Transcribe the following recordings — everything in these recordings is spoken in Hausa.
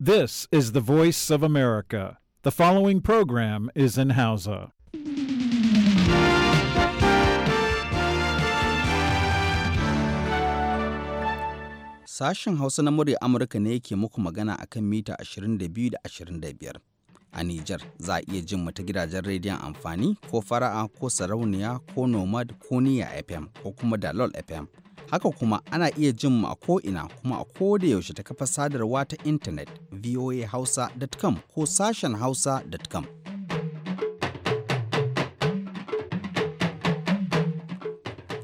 This is the voice of America. The following program is in Hausa. Sashen Hausa na murya Amurka ne yake muku magana a kan mita 22 da 25. A Nijar za a iya jin ta gidajen rediyon amfani ko fara'a ko sarauniya ko nomad ko niya FM ko kuma dalol FM. Haka kuma ana iya jin mu a ko'ina kuma a ko da yaushe ta kafa sadarwa ta intanet voahausa.com ko sashen hausa.com.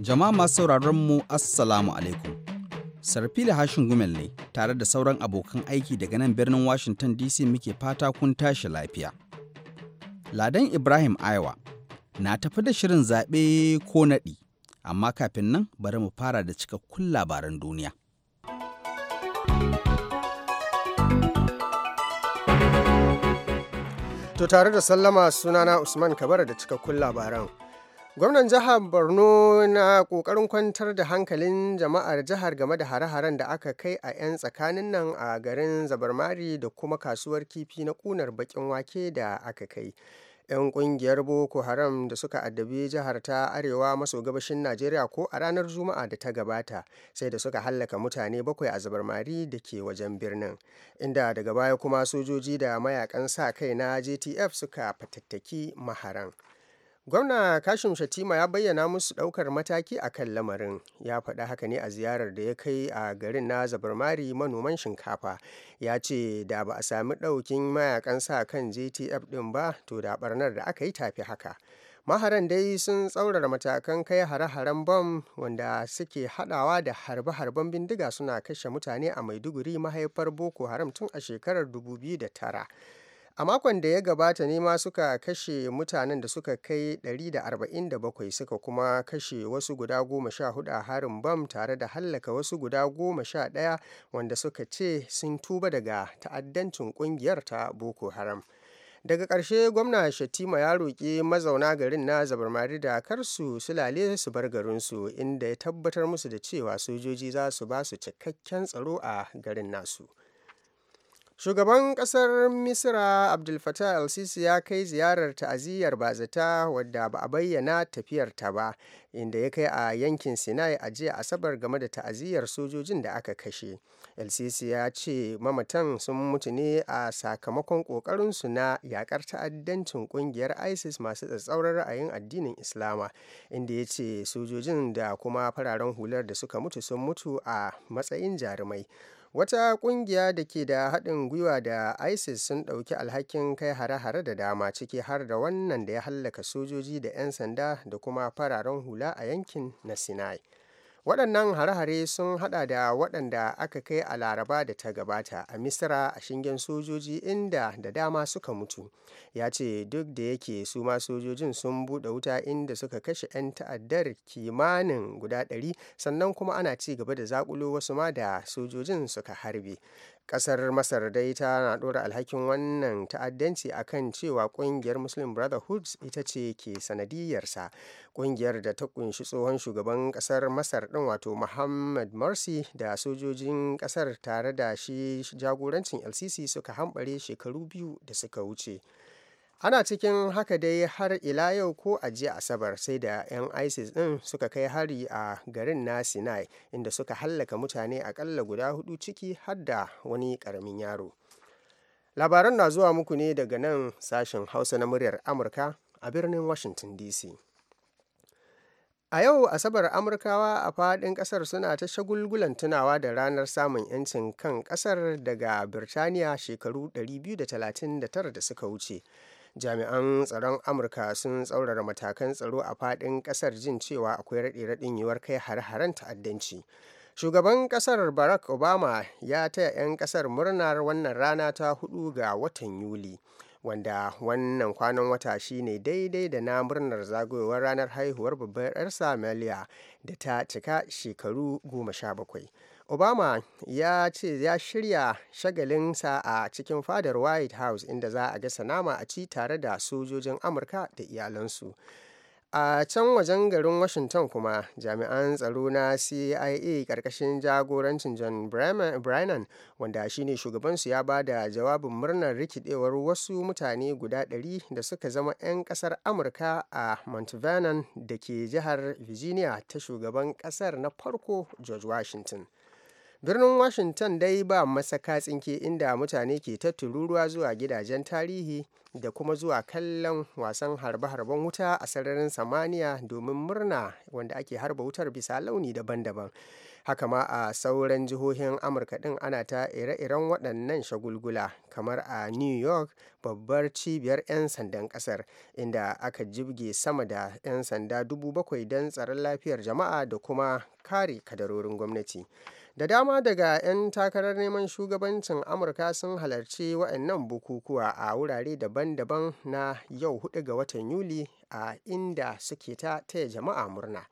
Jama'a masu sauraron mu Assalamu alaikum. Sarfila hashin gumel ne tare da sauran abokan aiki daga nan birnin Washington DC muke fata kun tashi lafiya. Ladan Ibrahim Aiwa na tafi da shirin zaɓe ko naɗi. amma kafin nan bari mu fara da cikakkun labaran duniya. To tare da sallama sunana Usman Kabara da cikakkun labaran. Gwamnan jihar Borno na ƙoƙarin kwantar da hankalin jama'ar jihar game da hare-haren da aka kai a 'yan tsakanin nan a garin Zabarmari da kuma kasuwar kifi na ƙunar baƙin wake da aka kai. 'yan kungiyar boko haram da suka addabi jihar ta arewa maso gabashin najeriya ko a ranar juma'a da ta gabata sai da suka hallaka mutane bakwai a zabarmari da ke wajen birnin inda daga baya kuma sojoji da mayakan sa kai na jtf suka fatattaki maharan gwamna kashim shatima ya bayyana musu ɗaukar mataki a kan lamarin ya faɗa haka ne a ziyarar da ya kai a garin na zabarmari manoman shinkafa ya ce da ba a sami ɗaukin mayakan sa kan jtf ɗin ba to da ɓarnar da aka yi tafi haka maharan dai sun tsaurara matakan kai hare-haren bom wanda suke hadawa da harbe-harben bindiga suna kashe mutane a maiduguri mahaifar boko haram tun a shekarar 2009 a makon da ya gabata ne ma suka kashe mutanen da suka kai 147 suka kuma kashe wasu guda goma sha hudu a harin bam tare da hallaka wasu guda goma sha ɗaya wanda suka ce sun tuba daga ta'addancin kungiyar ta boko haram daga ƙarshe gwamna shatima ya roƙi mazauna garin na zabarmari da kar su sulale su bar garinsu inda ya tabbatar musu da cewa sojoji za su ba su cikakken tsaro a garin nasu Shugaban ƙasar Misira Abdul Fattah el-Sisi ya kai ziyarar ta'aziyyar bazata wadda ba a bayyana tafiyarta ba, inda ya kai a yankin Sinai a jiya Asabar game da ta'aziyyar sojojin da aka kashe. El-Sisi ya ce mamatan sun mutu ne a sakamakon ƙoƙarinsu na yaƙar ta'addancin ƙungiyar ISIS masu tsatsauran ra'ayin addinin Islama, inda ya ce sojojin da kuma fararen hular da suka mutu sun mutu a matsayin jarumai. Wata ƙungiya da ke da haɗin gwiwa da ISIS sun ɗauki alhakin kai hare-hare da dama ciki har da wannan da ya hallaka sojoji da 'yan sanda da kuma fararen hula a yankin na Sinai. waɗannan hare-hare sun hada da waɗanda aka kai a laraba da ta gabata a misira a shingen sojoji inda da dama suka mutu ya ce duk da yake su ma sojojin sun buɗe wuta inda suka kashe 'yan ta'addar kimanin guda 100 sannan kuma ana ci gaba da zakulo wasu ma da sojojin suka harbe kasar masar dai tana ɗora alhakin wannan ta'addanci akan cewa kungiyar muslim brotherhood ita ce ke sanadiyarsa kungiyar da ta kunshi tsohon shugaban kasar masar din wato muhammad morsi da sojojin kasar tare da shi jagorancin lcc suka hambare shekaru biyu da suka wuce ana cikin haka dai har ila yau ko a jiya asabar sai da 'yan isis din suka kai hari a garin na sinai inda suka hallaka mutane akalla guda hudu ciki har da wani karamin yaro labaran na zuwa muku ne daga nan sashen hausa na muryar amurka a birnin washington dc a yau asabar amurkawa a faɗin ƙasar suna ta shagulgulan tunawa da ranar samun 'yancin kan ƙasar daga birtaniya shekaru 239 da suka wuce jami'an tsaron amurka sun tsaurara matakan tsaro a fadin kasar jin cewa akwai raɗe-raɗin yiwuwar kai har-haren ta'addanci shugaban kasar barack obama ya taya 'yan kasar murnar wannan rana ta hudu ga watan yuli wanda wannan kwanan wata shine daidai da na murnar zagayowar ranar haihuwar babbar 'yarsa Melia da ta cika shekaru goma sha bakwai. obama ya ce ya shirya shagalinsa a cikin fadar white house inda za a gasa nama a ci tare da sojojin amurka da iyalansu a can wajen garin washington kuma jami'an tsaro na cia karkashin jagorancin john brennan wanda shine shugabansu ya ba da jawabin murnar rikidewar wasu mutane guda 100 da suka zama 'yan kasar amurka a mount vernon da ke jihar virginia ta shugaban kasar na farko george washington birnin washington dai ba masaka tsinke inda mutane ke ta tururuwa zuwa gidajen tarihi da kuma zuwa kallon wasan harbe-harben wuta a sararin samaniya domin murna wanda ake harba wutar bisa launi daban-daban haka ma a sauran jihohin amurka din ana ta ire-iren waɗannan shagulgula kamar a new york babbar cibiyar 'yan sandan ƙasar inda aka jibge sama da 'yan sanda dubu bakwai don tsaron lafiyar jama'a da kuma kare kadarorin gwamnati Da dama daga 'yan takarar neman shugabancin Amurka sun halarci waɗannan bukukuwa a wurare daban-daban na yau hudu ga watan Yuli a inda suke ta taya jama'a murna.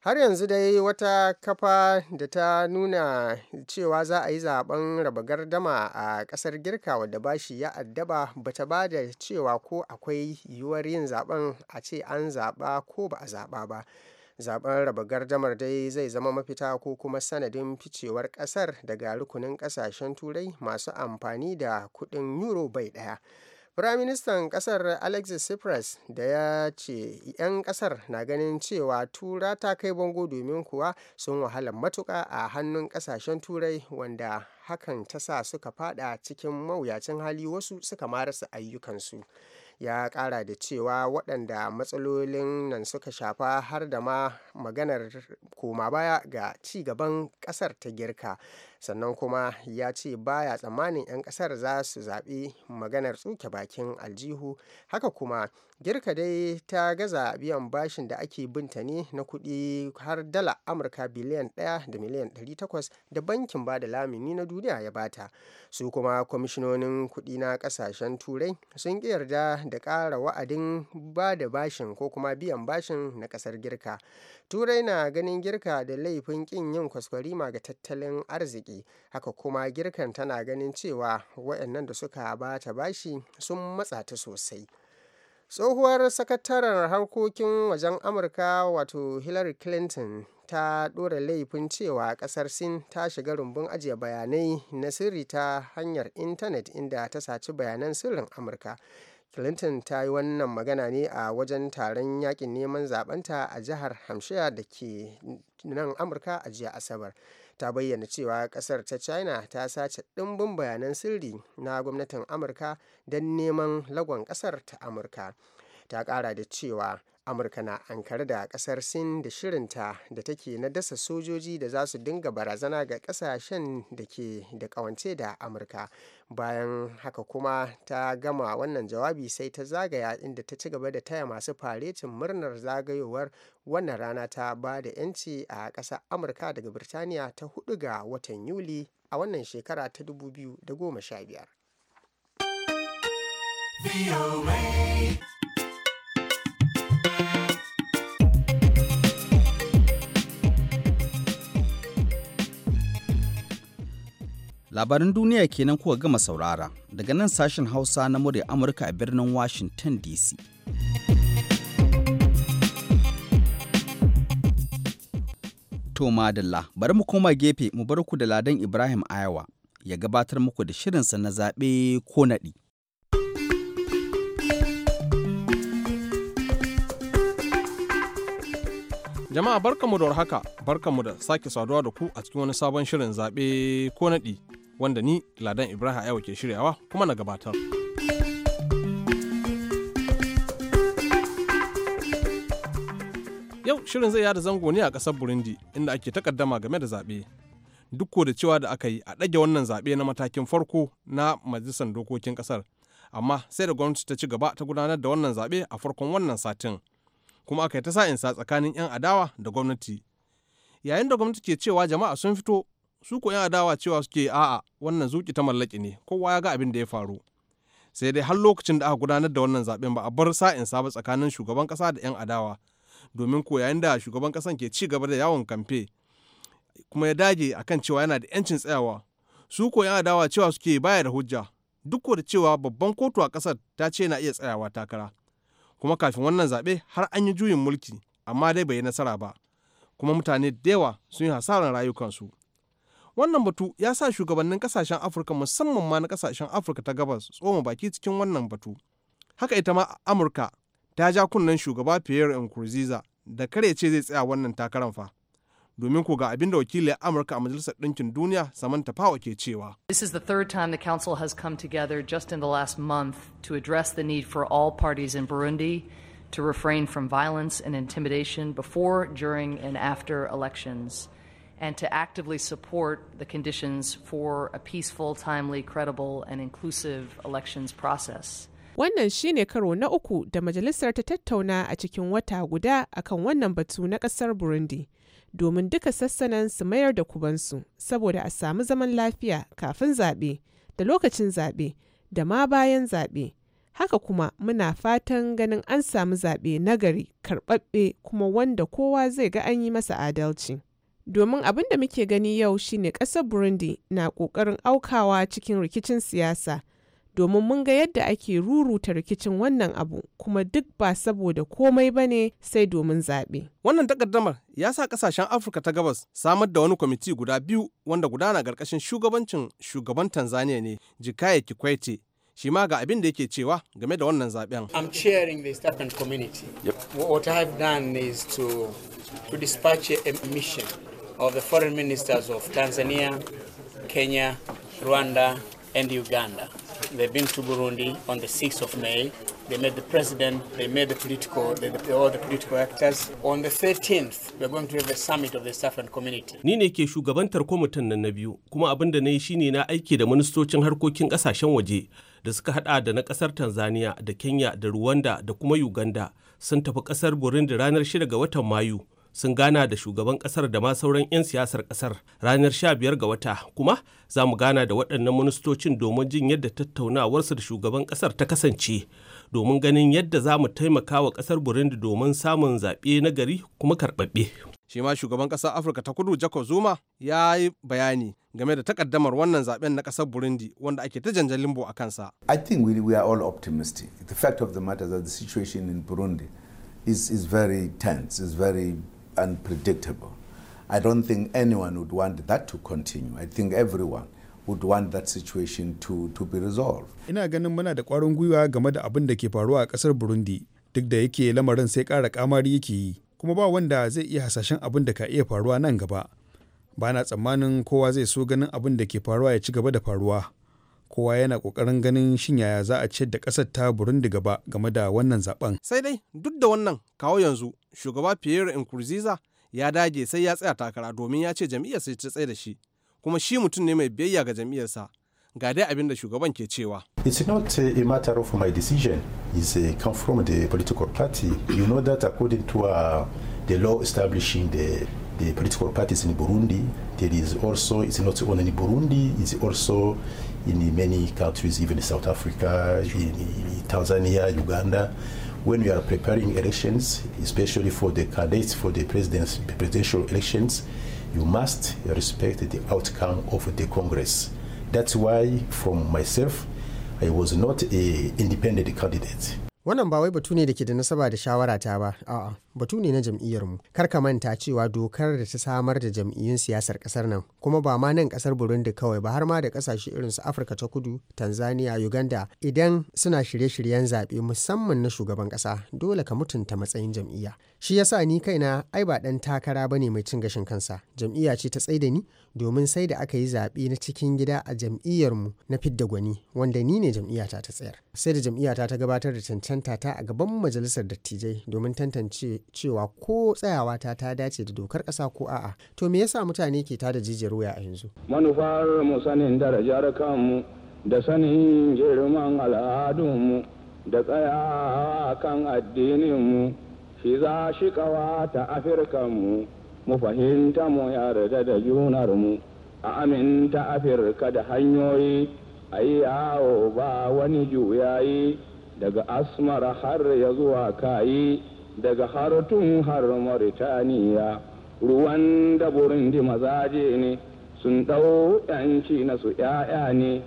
har yanzu dai wata kafa da ta nuna cewa za a yi zaben raba gardama a kasar girka wadda bashi ya addaba ba ta ba da cewa ko akwai yiwuwar yin zaben a ce an zaba ko ba a zaba ba zaben raba gardamar dai zai zama mafita ko kuma sanadin ficewar kasar daga rukunin kasashen turai masu amfani da kudin euro bai daya Firaministan kasar Alexis Tsipras da ya ce 'yan kasar na ganin cewa tura ta kai bango domin kuwa sun wahala matuka a hannun kasashen turai wanda hakan ta sa suka fada cikin mawuyacin hali wasu suka marasa ayyukansu. ya kara da cewa waɗanda matsalolin nan suka shafa har da ma maganar koma baya ga ci gaban ƙasar ta girka sannan kuma ya ce baya tsammanin 'yan ƙasar za su zaɓi maganar tsuke bakin aljihu haka kuma girka dai ta gaza biyan bashin da ake binta ne na kuɗi har dala amurka biliyan 1 da miliyan 800 da bankin ba da lamini na duniya ya bata su kuma kwamishinonin kuɗi na ƙasashen turai sun ƙi yarda da ƙara wa'adin ba da bashin ko kuma biyan bashin na ƙasar girka turai na ganin girka da laifin ƙin yin kwaskwarima ga tattalin arziki haka kuma girkan tana ganin cewa waɗannan da suka ba ta bashi sun matsa ta sosai tsohuwar sakataren harkokin wajen amurka wato hillary clinton ta ɗora laifin cewa ƙasar sin ta shiga rumbun ajiye bayanai na sirri ta hanyar intanet inda ta saci bayanan sirrin amurka clinton ta yi wannan magana ne a wajen taron yakin neman zabanta a jihar hampshire da ke nan amurka a jiya asabar ta bayyana cewa kasar ta china ta sace dimbin bayanan sirri na gwamnatin amurka don neman lagon kasar ta amurka ta kara da cewa amurka na ankar da kasar sin da shirinta da take na dasa sojoji da za su dinga barazana ga kasashen da ke da kawance da amurka bayan haka kuma ta gama wannan jawabi sai ta zagaya inda ta ci gaba da taya masu faretin murnar zagayowar wannan rana ta ba da 'yanci a ƙasar amurka daga birtaniya ta hudu ga watan yuli a wannan shekara ta 2015 Labaran duniya kenan kuka gama saurara daga nan sashen Hausa na murya Amurka a birnin Washington DC. To madalla bari mu koma gefe mu bar ku da Ladan Ibrahim Ayawa ya gabatar muku da shirinsa na zaɓe ko naɗi. Jama'a barkanmu da warhaka, barkanmu da sake saduwa da ku a cikin wani sabon shirin zaɓe ko naɗi wanda ni Ladan Ibrahim Aiwa ke shiryawa kuma na gabatar. Yau shirin zai yada zango ne a ƙasar Burundi inda ake takaddama game da zaɓe. Duk da cewa da aka yi a ɗage wannan zaɓe na matakin farko na majalisar dokokin ƙasar. Amma sai da gwamnati ta ci gaba ta gudanar da wannan zaɓe a farkon wannan satin. Kuma aka yi ta sa'insa tsakanin 'yan adawa da gwamnati. Yayin da gwamnati ke cewa jama'a sun fito su ko yan adawa cewa suke a'a wannan zuki ta mallaki ne kowa ya ga abin da ya faru sai dai har lokacin da aka gudanar da wannan zaben ba a bar sa'in ba tsakanin shugaban kasa da yan adawa domin ko yayin da shugaban kasan ke ci gaba da yawon kamfe kuma ya dage akan cewa yana da yancin tsayawa su ko yan adawa cewa suke baya da hujja duk da cewa babban kotu a kasar ta ce na iya tsayawa takara kuma kafin wannan zaɓe har an yi juyin mulki amma dai bai yi nasara ba kuma mutane da yawa sun yi hasarar rayukansu wannan batu ya sa shugabannin kasashen afirka musamman ma na kasashen afirka ta gabas tsoma baki cikin wannan batu haka ita ma amurka ta ja kunnen shugaba pierre nkurunziza da kare ce zai tsaya wannan takarar fa domin ko ga abin da wakilin Amurka a Majalisar Ɗinkin Duniya Samantha Power ke cewa. This is the third time the Council has come together just in the last month to address the need for all parties in Burundi to refrain from violence and intimidation before, during, and after elections. and to actively support the conditions for a peaceful, timely, credible, and inclusive elections process. Wannan shi ne karo na uku da majalisar ta tattauna a cikin wata guda akan wannan batu na kasar Burundi domin duka sassanan su mayar da kubansu saboda a samu zaman lafiya kafin zaɓe da lokacin zaɓe da ma bayan zaɓe. Haka kuma muna fatan ganin an samu zaɓe nagari karɓaɓɓe kuma wanda kowa zai ga an yi masa adalci. domin abin da muke gani yau shine ƙasar burundi na ƙoƙarin aukawa cikin rikicin siyasa domin mun ga yadda ake ruruta rikicin wannan abu kuma duk ba saboda komai ba ne sai domin zaɓe. Wannan takaddamar ya sa kasashen Afirka ta gabas samar da wani kwamiti guda biyu wanda gudana karkashin shugabancin shugaban Tanzania ne Jikaya kikwaiti shi ma ga abin da yake cewa game da wannan zaɓen. chairing the community. to dispatch a mission of the foreign ministers of Tanzania, Kenya, Rwanda, and Uganda. They've been to Burundi on the 6th of May. They met the president, they met the political, they, the, all the political actors. On the 13th, we're going to have a summit of the Safran community. Ni ne ke shugabantar kwamitin nan na biyu, kuma abin da na yi shine na aiki da ministocin harkokin kasashen waje da suka hada da na kasar Tanzania da Kenya da Rwanda da kuma Uganda sun tafi kasar Burundi ranar 6 ga watan Mayu. sun gana da shugaban kasar da ma sauran 'yan siyasar kasar ranar 15 ga wata kuma za mu gana da waɗannan ministocin domin jin yadda tattaunawarsu da shugaban kasar ta kasance domin ganin yadda za mu taimaka wa kasar burundi domin samun zaɓe na gari kuma karɓaɓɓe shi ma shugaban ƙasar afirka ta kudu jacob zuma ya yi bayani game da takaddamar wannan zaɓen na ƙasar burundi wanda ake ta janjan limbo a kansa i think we, we are all optimistic the fact of the matter that the situation in burundi is, is very tense is very unpredictable. I don't think anyone would want that to continue. I think everyone would want that situation to, to be resolved. Ina ganin muna da kwarin gwiwa game da abin da ke faruwa a kasar Burundi duk da yake lamarin sai ƙara kamari yake yi kuma ba wanda zai iya hasashen abin da ka iya faruwa nan gaba. Ba na tsammanin kowa zai so ganin abin da ke faruwa ya ci gaba da faruwa. kowa yana kokarin ganin shin yaya za a ciyar da kasar ta burundi gaba game da wannan zaben sai dai duk da wannan kawo yanzu shugaba pierre nkurunziza ya dage sai ya tsaya takara domin ya ce jam'iyyar sai ta tsaye da shi kuma shi mutum ne mai biyayya ga jam'iyyarsa ga dai abin da shugaban ke cewa it's not a matter of my decision it's a come from the political party you know that according to uh, the law establishing the the political parties in Burundi. There is also, it's not only Burundi, it's also in many countries, even in South Africa, in, Tanzania, Uganda. When we are preparing elections, especially for the candidates for the presidential elections, you must respect the outcome of the Congress. That's why, from myself, I was not an independent candidate. wannan ba wai batu ne da ke da nasaba da shawara ba a'a batu ne na jam'iyyar mu kar ka manta cewa dokar da ta samar da jam'iyyun siyasar kasar nan kuma ba ma nan kasar burundi kawai ba har ma da kasashe irin su afirka ta kudu tanzania uganda idan suna shirye-shiryen zaɓe musamman na shugaban ƙasa dole ka mutunta matsayin jam'iyya shi ya sa ni kaina ai ba ɗan takara ba ne mai cin gashin kansa jam'iyya ce ta tsaida ni domin sai da aka yi zaɓe na cikin gida a jam'iyyar mu na fidda gwani wanda ni ne jam'iyyata ta tsayar sai da jam'iyyata ta gabatar da cancanta ta a gaban majalisar dattijai domin tantance cewa ko tsayawa ta ta dace da dokar ƙasa ko a'a to me yasa mutane ke tada jijiyar waya a yanzu manufar mu sanin darajar kanmu da sanin girman al'adunmu da tsayawa kan addininmu shi za shi kawa ta afirkanmu mu fahimta mu yarda da junarmu a aminta afirka da hanyoyi a yi yawo ba wani juyayi daga asmar har ya zuwa kayi daga hartun har mauritaniya ruwan da burundi mazaje ne sun ɗau yanci na su ‘ya'ya ne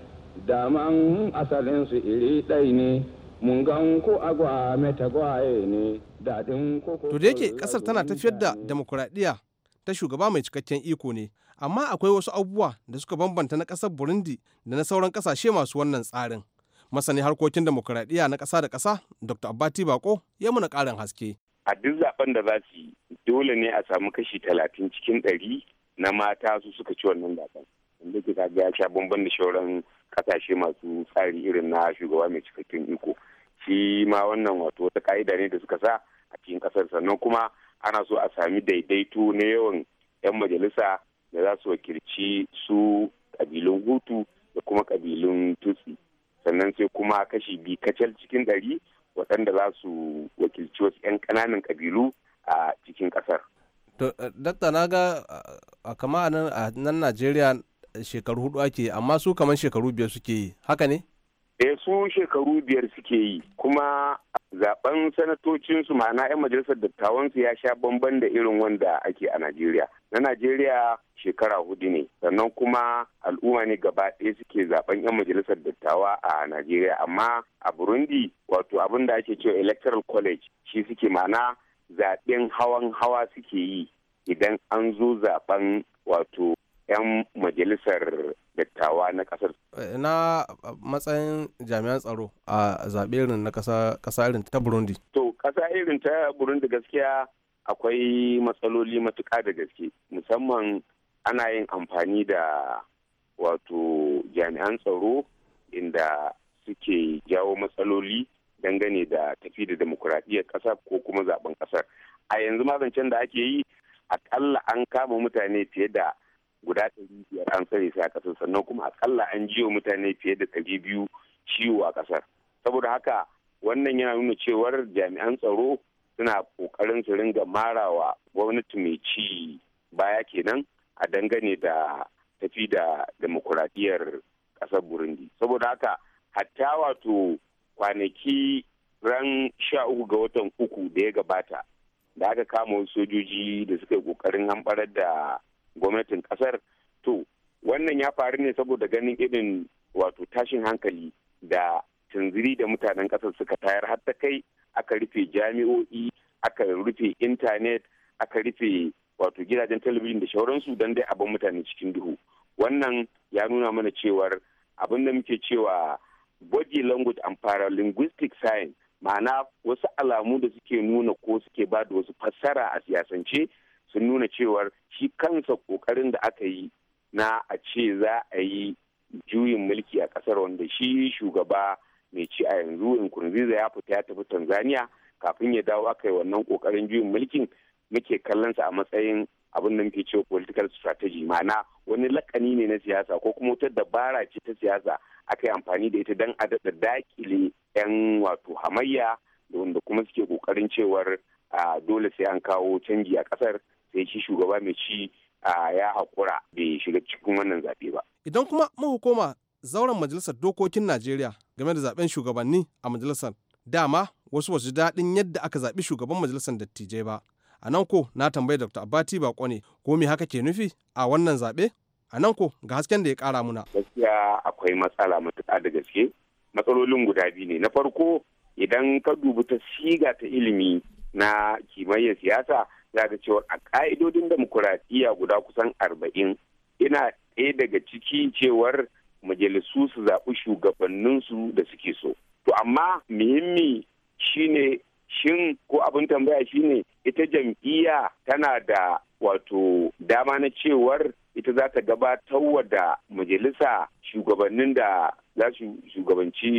daman asalinsu iri ɗai ne mun gan ku agwa metagwaye ne To da yake kasar tana tafiyar da demokuraɗiyya ta shugaba mai cikakken iko ne, amma akwai wasu abubuwa da suka bambanta na kasar Burundi da na sauran kasashe masu wannan tsarin. Masani harkokin demokuraɗiyya na kasa da kasa Dr. Abbati Bako, ya muna ƙarin haske. A duk zaben da za su yi, dole ne a samu kashi talatin cikin ɗari na mata su suka ci wannan zaben. Wanda ke kaga ya sha bamban da shauran ƙasashe masu tsari irin na shugaba mai cikakken iko. Shi ma wannan wato wata ƙa'ida ne da suka sa a cikin kasar sannan kuma ana so a sami daidaito na yawan 'yan majalisa da za su wakilci su kabilun hutu da kuma kabilun tutsi sannan sai kuma kashi biyu kacal cikin ɗari waɗanda za su wakilci wasu 'yan ƙananan kabilu a cikin ƙasar. Eh, dakta na ga eh, a kama a nan Najeriya eh, shekaru hudu ake amma su kamar shekaru biyar suke yi haka ne? Eh su shekaru biyar suke yi kuma zaben sanatocinsu ma'ana 'yan majalisar dattawansu ya sha bamban da irin wanda ake a Najeriya. Na Najeriya shekara hudu ne, sannan kuma al'umma ne gaba ɗaya suke zaben 'yan majalisar dattawa a Najeriya, amma a Burundi wato abin da ake cewa electoral college shi suke ma'ana zaɓen hawan hawa suke yi idan an zo zaben wato 'yan majalisar dattawa na kasar. Eh, na matsayin jami'an tsaro a zaɓe irin na ƙasa irin ta Burundi. To, ƙasa irin ta Burundi gaskiya akwai matsaloli matuƙa da gaske. Musamman ana yin amfani da wato jami'an tsaro inda suke jawo matsaloli dangane da tafi da demokuraɗiyyar ƙasa ko kuma zaben ƙasar. A yanzu ma da ake yi, akalla an kama mutane fiye da guda ɗari biyar an tsare su a ƙasar sannan kuma akalla an jiyo mutane fiye da ɗari biyu ciwo a ƙasar saboda haka wannan yana nuna cewar jami'an tsaro suna ƙoƙarin su ringa marawa gwamnati mai ci baya kenan a dangane da tafi da demokuraɗiyyar ƙasar burundi saboda haka hatta wato kwanaki ran sha uku ga watan uku da ya gabata da aka kama wasu sojoji da suka yi ƙoƙarin hamɓarar da gwamnatin kasar to wannan ya faru ne saboda ganin irin wato tashin hankali da tunziri da mutanen kasar suka tayar har ta kai aka rufe jami'o'i aka rufe intanet aka rufe wato gidajen talabijin da shauransu don dai abin mutane cikin duhu wannan ya nuna mana cewar abin da muke cewa body language and paralinguistic sign ma'ana wasu alamu da suke nuna ko suke ba da wasu fassara a siyasance sun nuna cewar shi kansa kokarin da aka yi na a ce za a yi juyin mulki a kasar wanda shi shugaba mai ci a yanzu in nkurunziza ya fita ya tafi tanzania kafin ya dawo aka yi wannan kokarin juyin mulkin muke kallon sa a matsayin abin da muke cewa political strategy ma'ana wani lakani ne na siyasa ko kuma wata dabara ce ta siyasa aka yi amfani da ita don a daɗa dakile 'yan wato hamayya da wanda kuma suke kokarin cewar dole sai an kawo canji a ƙasar sai shi shugaba mai ci ya haƙura bai shiga cikin wannan zaɓe ba. Idan kuma koma zauren majalisar dokokin Najeriya game da zaben shugabanni a majalisar dama wasu wasu daɗin yadda aka zaɓi shugaban majalisar dattijai ba. A nan ko na tambayi Dr. Abati Bako ne ko me haka ke nufi a wannan zaɓe? A nan ko ga hasken da ya ƙara muna. Gaskiya akwai matsala matuƙa da gaske. Matsalolin guda biyu ne. Na farko idan ka dubi ta siga ta ilimi na kimayyar siyasa za ga cewa a ƙa'idodin demokuraɗiyya guda kusan arba'in ina ɗaya daga ciki cewar majalisu su zaɓi shugabanninsu da suke so. To amma muhimmi shine shin ko abin tambaya shine ita jam'iyya tana da wato dama na cewar ita za ta gabatar da majalisa shugabannin da za su shugabanci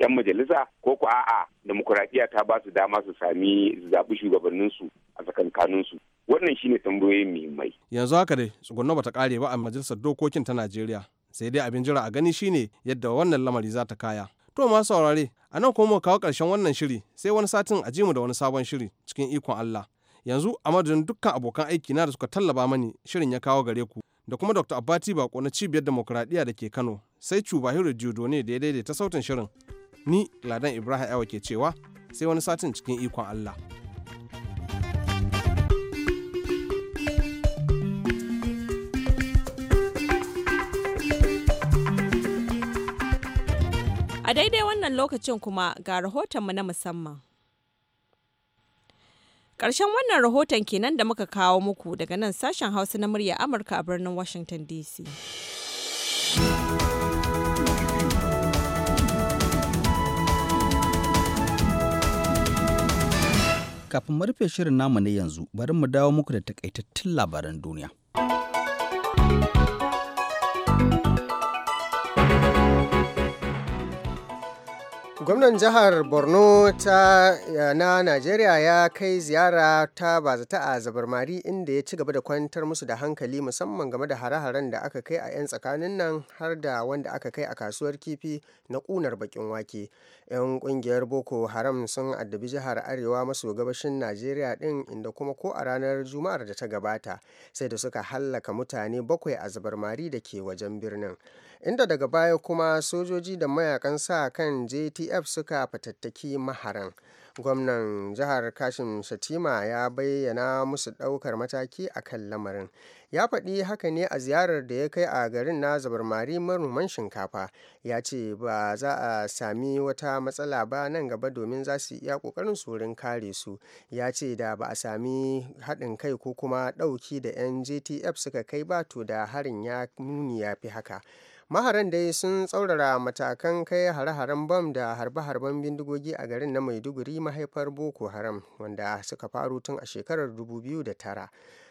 'yan majalisa ko ku a'a demokuraɗiyya ta ba su dama su sami zaɓi shugabanninsu a tsakankaninsu wannan shine tambayoyin muhimmai yanzu haka dai tsugunna bata kare ba a majalisar dokokin ta najeriya sai dai abin jira a gani shine yadda wannan lamari za ta kaya to ma saurare a nan kuma kawo karshen wannan shiri sai wani satin a ji mu da wani sabon shiri cikin ikon allah yanzu a madadin dukkan abokan aiki na da suka tallaba mani shirin ya kawo gare ku da kuma Dr. abati Bako na Cibiyar Demokuraɗiyya da ke Kano, sai Cubahiro ne da ya daidaita sautin shirin. Ni Ladan Ibrahim awa ke cewa sai wani satin cikin ikon Allah. A daidai wannan lokacin kuma ga rahoton rahotonmu na musamman. Ƙarshen wannan rahoton kenan da muka kawo muku daga nan sashen Hausa na murya Amurka a birnin Washington DC. Kafin mu rufe shirin namu na yanzu, bari mu dawo muku da takaitattun labaran duniya. gwamnan jihar borno ta eh, na najeriya ya kai ziyara ta bazata a zabarmari inda ya ci gaba da kwantar musu da hankali musamman game da hare-haren da aka kai a 'yan tsakanin nan har da wanda aka kai a kasuwar kifi na kunar bakin wake 'yan kungiyar boko haram sun addabi jihar arewa maso gabashin najeriya din inda kuma ko a ranar juma'ar da ta gabata sai da suka hallaka mutane bakwai a zabarmari da ke wajen birnin inda daga baya kuma sojoji da mayakan sa kan jtf suka fatattaki maharan gwamnan jihar kashim shatima ya bayyana musu ɗaukar mataki a kan lamarin ya faɗi haka ne a ziyarar da ya kai a garin na zabarmari manoman shinkafa ya ce ba za a sami wata matsala ba nan gaba domin za su iya ƙoƙarin tsorin kare su ya ce da ba a sami haɗin kai ko kuma ɗauki da 'yan jtf suka kai ba to da harin ya nuni ya fi haka maharan dai sun tsaurara matakan kai hare-haren bam da harbe-harben bindigogi a garin na maiduguri mahaifar boko haram wanda suka faru tun a shekarar 2009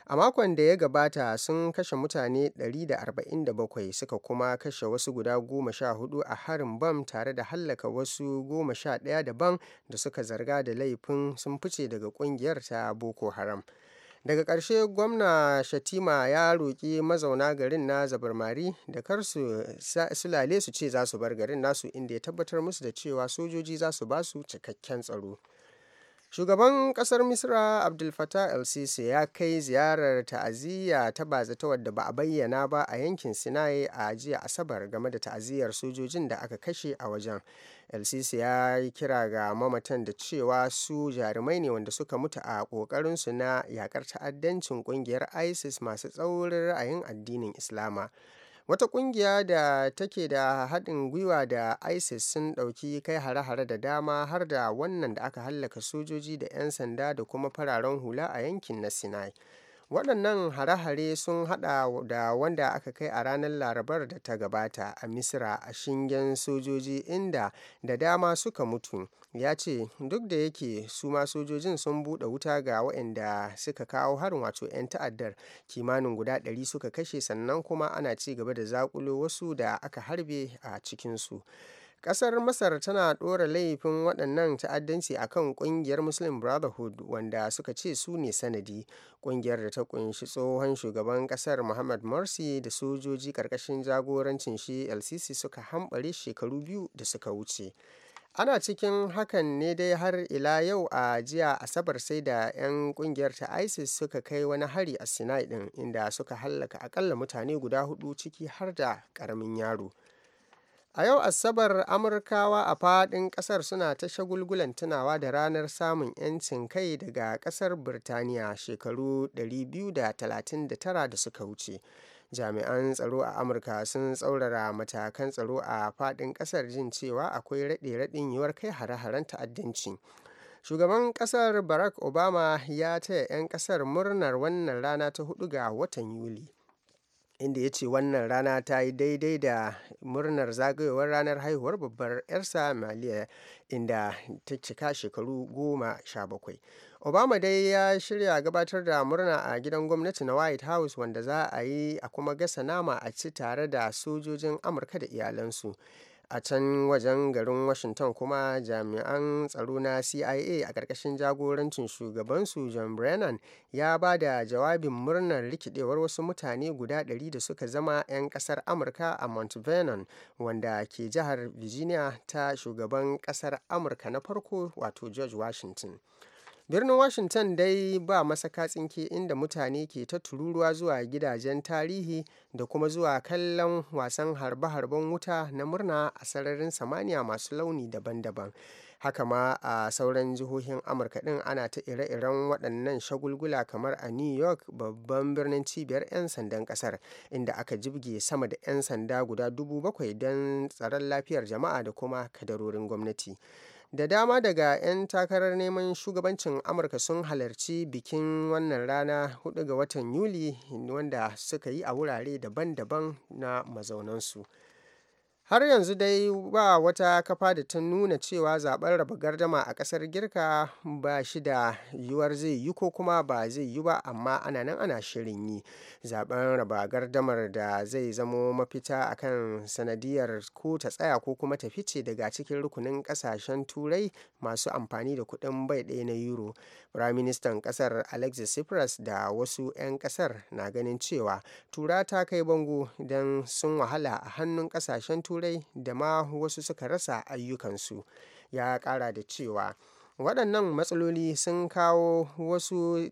a makon da ya gabata sun kashe mutane 147 suka kuma kashe wasu guda 14 a harin bam tare da hallaka wasu 11 daban da suka zarga da laifin sun fice daga kungiyar ta boko haram Daga ƙarshe Gwamna Shatima ya roƙi mazauna garin na Zabarmari da kar su sulale su ce za su bar garin nasu inda ya tabbatar musu da cewa sojoji za su ba su cikakken tsaro. Shugaban ƙasar Misra Abdul Fattah el-Sisi ya kai ziyarar ta'aziyya ta bazata wadda ba a bayyana ba a yankin Sinai a jiya Asabar game da ta'aziyyar sojojin da aka kashe a wajen. lcc ya yi kira ga mamatan da cewa su jarumai ne wanda suka mutu a ƙoƙarinsu na yakar ta'addancin ƙungiyar isis masu tsaurin ra'ayin addinin islama wata ƙungiya da take da haɗin gwiwa da isis sun ɗauki kai hare-hare da dama har da wannan da aka hallaka sojoji da 'yan sanda da kuma fararen hula a yankin na sinai Waɗannan hare-hare sun haɗa da wanda aka kai a ranar Larabar da ta gabata a Misira a shingen sojoji inda da dama suka mutu, ya ce duk da yake su ma sojojin sun buɗe wuta ga waɗanda suka kawo harin wato 'yan ta'addar kimanin guda 100 suka kashe sannan kuma ana ci gaba da zaƙulo wasu da aka harbe a cikinsu. Ƙasar Masar tana ɗora laifin waɗannan ta'addanci a kan ƙungiyar Muslim Brotherhood wanda suka ce su ne sanadi. Ƙungiyar da ta ƙunshi tsohon shugaban ƙasar muhammad Morsi da sojoji ƙarƙashin jagorancin shi LCC suka hambare shekaru biyu da suka wuce. ana cikin hakan ne dai har ila yau a jiya asabar sai da 'yan kungiyar ta isis suka kai wani hari a sinai ɗin inda suka hallaka akalla mutane guda hudu ciki har da ƙaramin yaro A yau Asabar, Amurkawa a faɗin ƙasar suna ta shagulgulan tunawa da ranar samun 'yancin kai daga ƙasar Birtaniya shekaru 239 da suka wuce. Jami'an tsaro a Amurka sun tsaurara matakan tsaro a faɗin ƙasar jin cewa akwai raɗe-raɗin yiwuwar kai hare-haren ta'addanci. Shugaban ƙasar Barack Obama ya taya 'yan ƙasar murnar wannan rana ta hudu ga watan Yuli. inda ya ce wannan rana ta yi daidai da murnar zagayowar ranar haihuwar babbar 'yarsa maliya inda ta cika shekaru goma sha bakwai obama dai ya shirya gabatar da murna a gidan gwamnati na white house wanda za a yi a kuma gasa nama a ci tare da sojojin amurka da iyalansu a can wajen garin washington kuma jami'an tsaro na cia a ƙarƙashin jagorancin shugabansu john brennan ya ba da jawabin murnar rikidewar wasu mutane guda 100 da suka zama 'yan ƙasar amurka a mount vernon wanda ke jihar virginia ta shugaban ƙasar amurka na farko wato george washington Birnin Washington dai ba masaka tsinke inda mutane ke ta tururuwa zuwa gidajen tarihi da kuma zuwa kallon wasan harbe-harben wuta na murna a sararin samaniya masu launi daban-daban. Haka ma a sauran jihohin Amurka din ana ta ire-iren waɗannan shagulgula kamar a New York babban birnin cibiyar 'yan sandan ƙasar inda aka jibge sama da 'yan sanda guda dubu bakwai don tsaron lafiyar jama'a da kuma kadarorin gwamnati. da dama daga 'yan takarar neman shugabancin amurka sun halarci bikin wannan rana 4 ga watan yuli wanda suka yi a wurare daban-daban na mazaunansu har yanzu dai ba wata kafa da ta nuna cewa zaben raba gardama a kasar girka ba shi da yiwuwar zai yi ko kuma ba zai yi ba amma ana nan ana shirin yi zaben raba gardamar da zai zamo mafita akan sanadiyar ko ta tsaya ko kuma ta fice daga cikin rukunin kasashen turai masu amfani da kuɗin bai ɗaya na euro firaministan kasar alexis tsipras da wasu 'yan kasar na ganin cewa tura ta kai bango idan sun wahala a hannun kasashen turai turai da ma wasu suka rasa ayyukansu ya kara da cewa waɗannan matsaloli sun kawo musu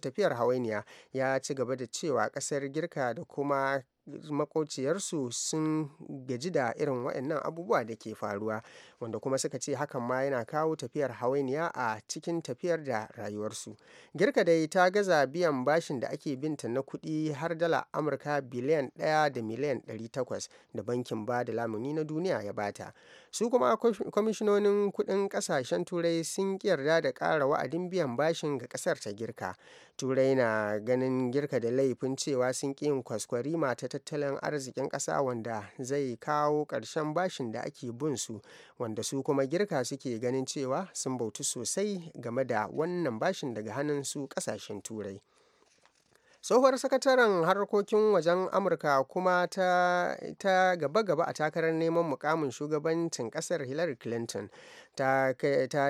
tafiyar hawainiya ya ci gaba da cewa ƙasar girka da kuma makociyarsu sun gaji da irin waɗannan abubuwa da ke faruwa wanda kuma suka ce hakan ma yana kawo tafiyar hawainiya a cikin tafiyar da rayuwarsu. Girka dai ta gaza biyan bashin da ake binta na kuɗi har dala Amurka biliyan ɗaya da miliyan ɗari takwas da Bankin ba da lamuni na duniya ya bata. Su kuma kwamishinonin kuɗin ƙasashen Turai sun ƙi yarda da ƙara wa'adin biyan bashin ga ƙasar ta Girka. turai na ganin girka da laifin cewa sun ƙi yin kwaskwari mata tattalin arzikin ƙasa wanda zai kawo ƙarshen bashin da ake bin su wanda su kuma girka suke ganin cewa sun bautu sosai game da wannan bashin daga hannun su ƙasashen turai Tsohuwar sakataren harkokin wajen Amurka kuma ta gaba-gaba a takarar neman mukamin shugabancin kasar Hillary Clinton ta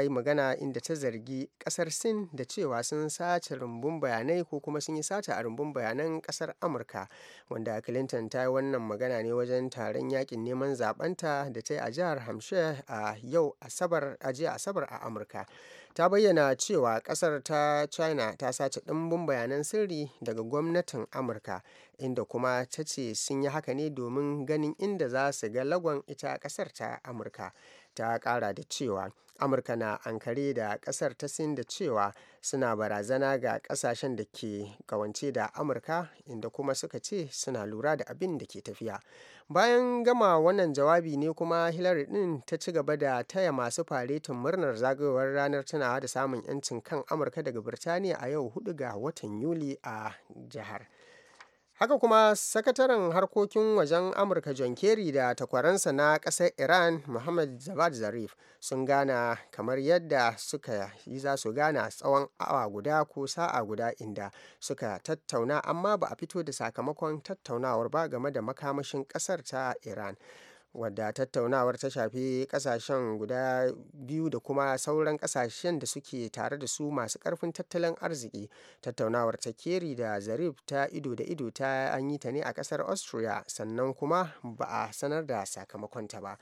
yi magana inda ta zargi kasar Sin da cewa sun sace rumbun bayanai ko kuma sun yi sata a rumbun bayanan kasar Amurka, wanda Clinton ta yi wannan magana ne wajen taron yaƙin neman zaɓenta da ta yi a jihar Hampshire a yau Asabar a Amurka. ta bayyana cewa kasar ta china ta sace ɗimbin bayanan sirri daga gwamnatin amurka inda kuma ta ce sun yi haka ne domin ganin inda za su ga lagon ita kasar ta amurka ta kara da cewa amurka na ankare da kasar ta sin da cewa suna barazana ga kasashen da ke kawance da amurka inda kuma suka ce suna lura da abin da ke tafiya bayan gama wannan jawabi ne kuma hillary din ta ci gaba da taya masu faretin murnar zagayowar ranar tunawa da samun 'yancin kan amurka daga birtaniya a yau 4 ga watan yuli a jihar Haka kuma Sakataren Harkokin Wajen Amurka John Kerry da takwaransa na ƙasar Iran Muhammad Javad Zarif sun gana kamar yadda suka yi za su gana tsawon awa guda ko sa'a guda inda suka tattauna amma ba a fito da sakamakon tattaunawar ba game da makamashin ƙasar ta Iran. wadda tattaunawar ta shafi kasashen guda biyu da kuma sauran kasashen da suke tare da su masu karfin tattalin arziki tattaunawar ta keri da zarif ta ido da ido ta an yi ta ne a kasar austria sannan kuma ba a sanar da sakamakonta ba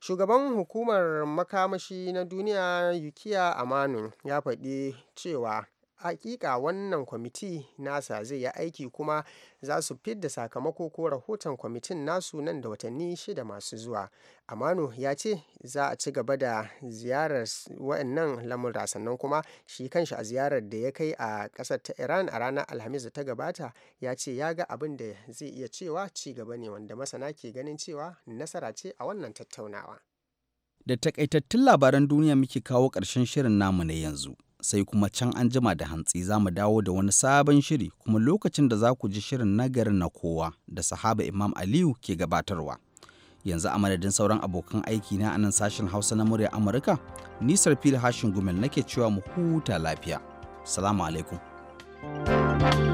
shugaban hukumar makamashi na duniya yukiya amanu ya faɗi cewa hakika wannan kwamiti nasa zai yi aiki kuma za su fidda sakamako ko rahoton kwamitin nasu nan da watanni shida masu zuwa amano ya ce za a ci gaba da ziyarar waɗannan lamura sannan kuma shi kanshi a ziyarar da ya kai a ƙasar ta iran a ranar alhamis da ta gabata ya ce ya ga abin da zai iya cewa ci gaba ne wanda masana ke ganin cewa nasara ce a wannan tattaunawa da takaitattun labaran duniya muke kawo ƙarshen shirin namu na yanzu sai kuma can an jima da hantsi za mu dawo da wani sabon shiri kuma lokacin da za ku ji shirin nagari na kowa da sahaba Imam Aliyu ke gabatarwa. Yanzu a madadin sauran abokan aiki na anan sashen Hausa na murya Amurka, nisar fili hashin gumel nake cewa mu huta lafiya. Salamu alaikum. thank you